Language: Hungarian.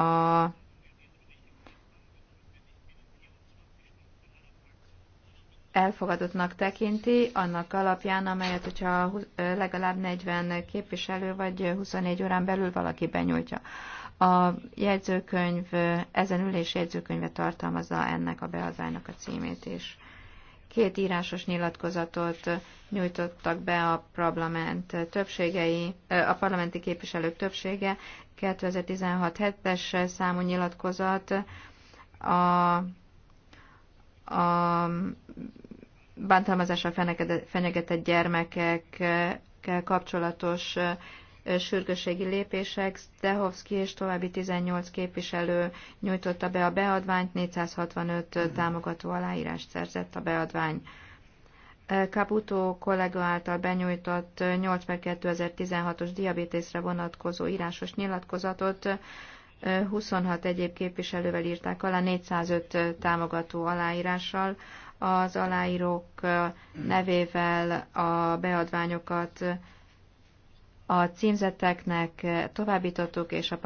a elfogadottnak tekinti, annak alapján, amelyet, hogyha legalább 40 képviselő vagy 24 órán belül valaki benyújtja. A jegyzőkönyv, ezen ülés jegyzőkönyve tartalmazza ennek a beadványnak a címét is. Két írásos nyilatkozatot nyújtottak be a parlament többségei, a parlamenti képviselők többsége, 2016 7-es számú nyilatkozat a, a bántalmazásra fenyegetett gyermekekkel kapcsolatos sürgősségi lépések. Dehovszki és további 18 képviselő nyújtotta be a beadványt, 465 támogató aláírást szerzett a beadvány. Caputo kollega által benyújtott 8 2016-os diabétészre vonatkozó írásos nyilatkozatot 26 egyéb képviselővel írták alá, 405 támogató aláírással. Az aláírók nevével a beadványokat a címzetteknek továbbítottuk, és a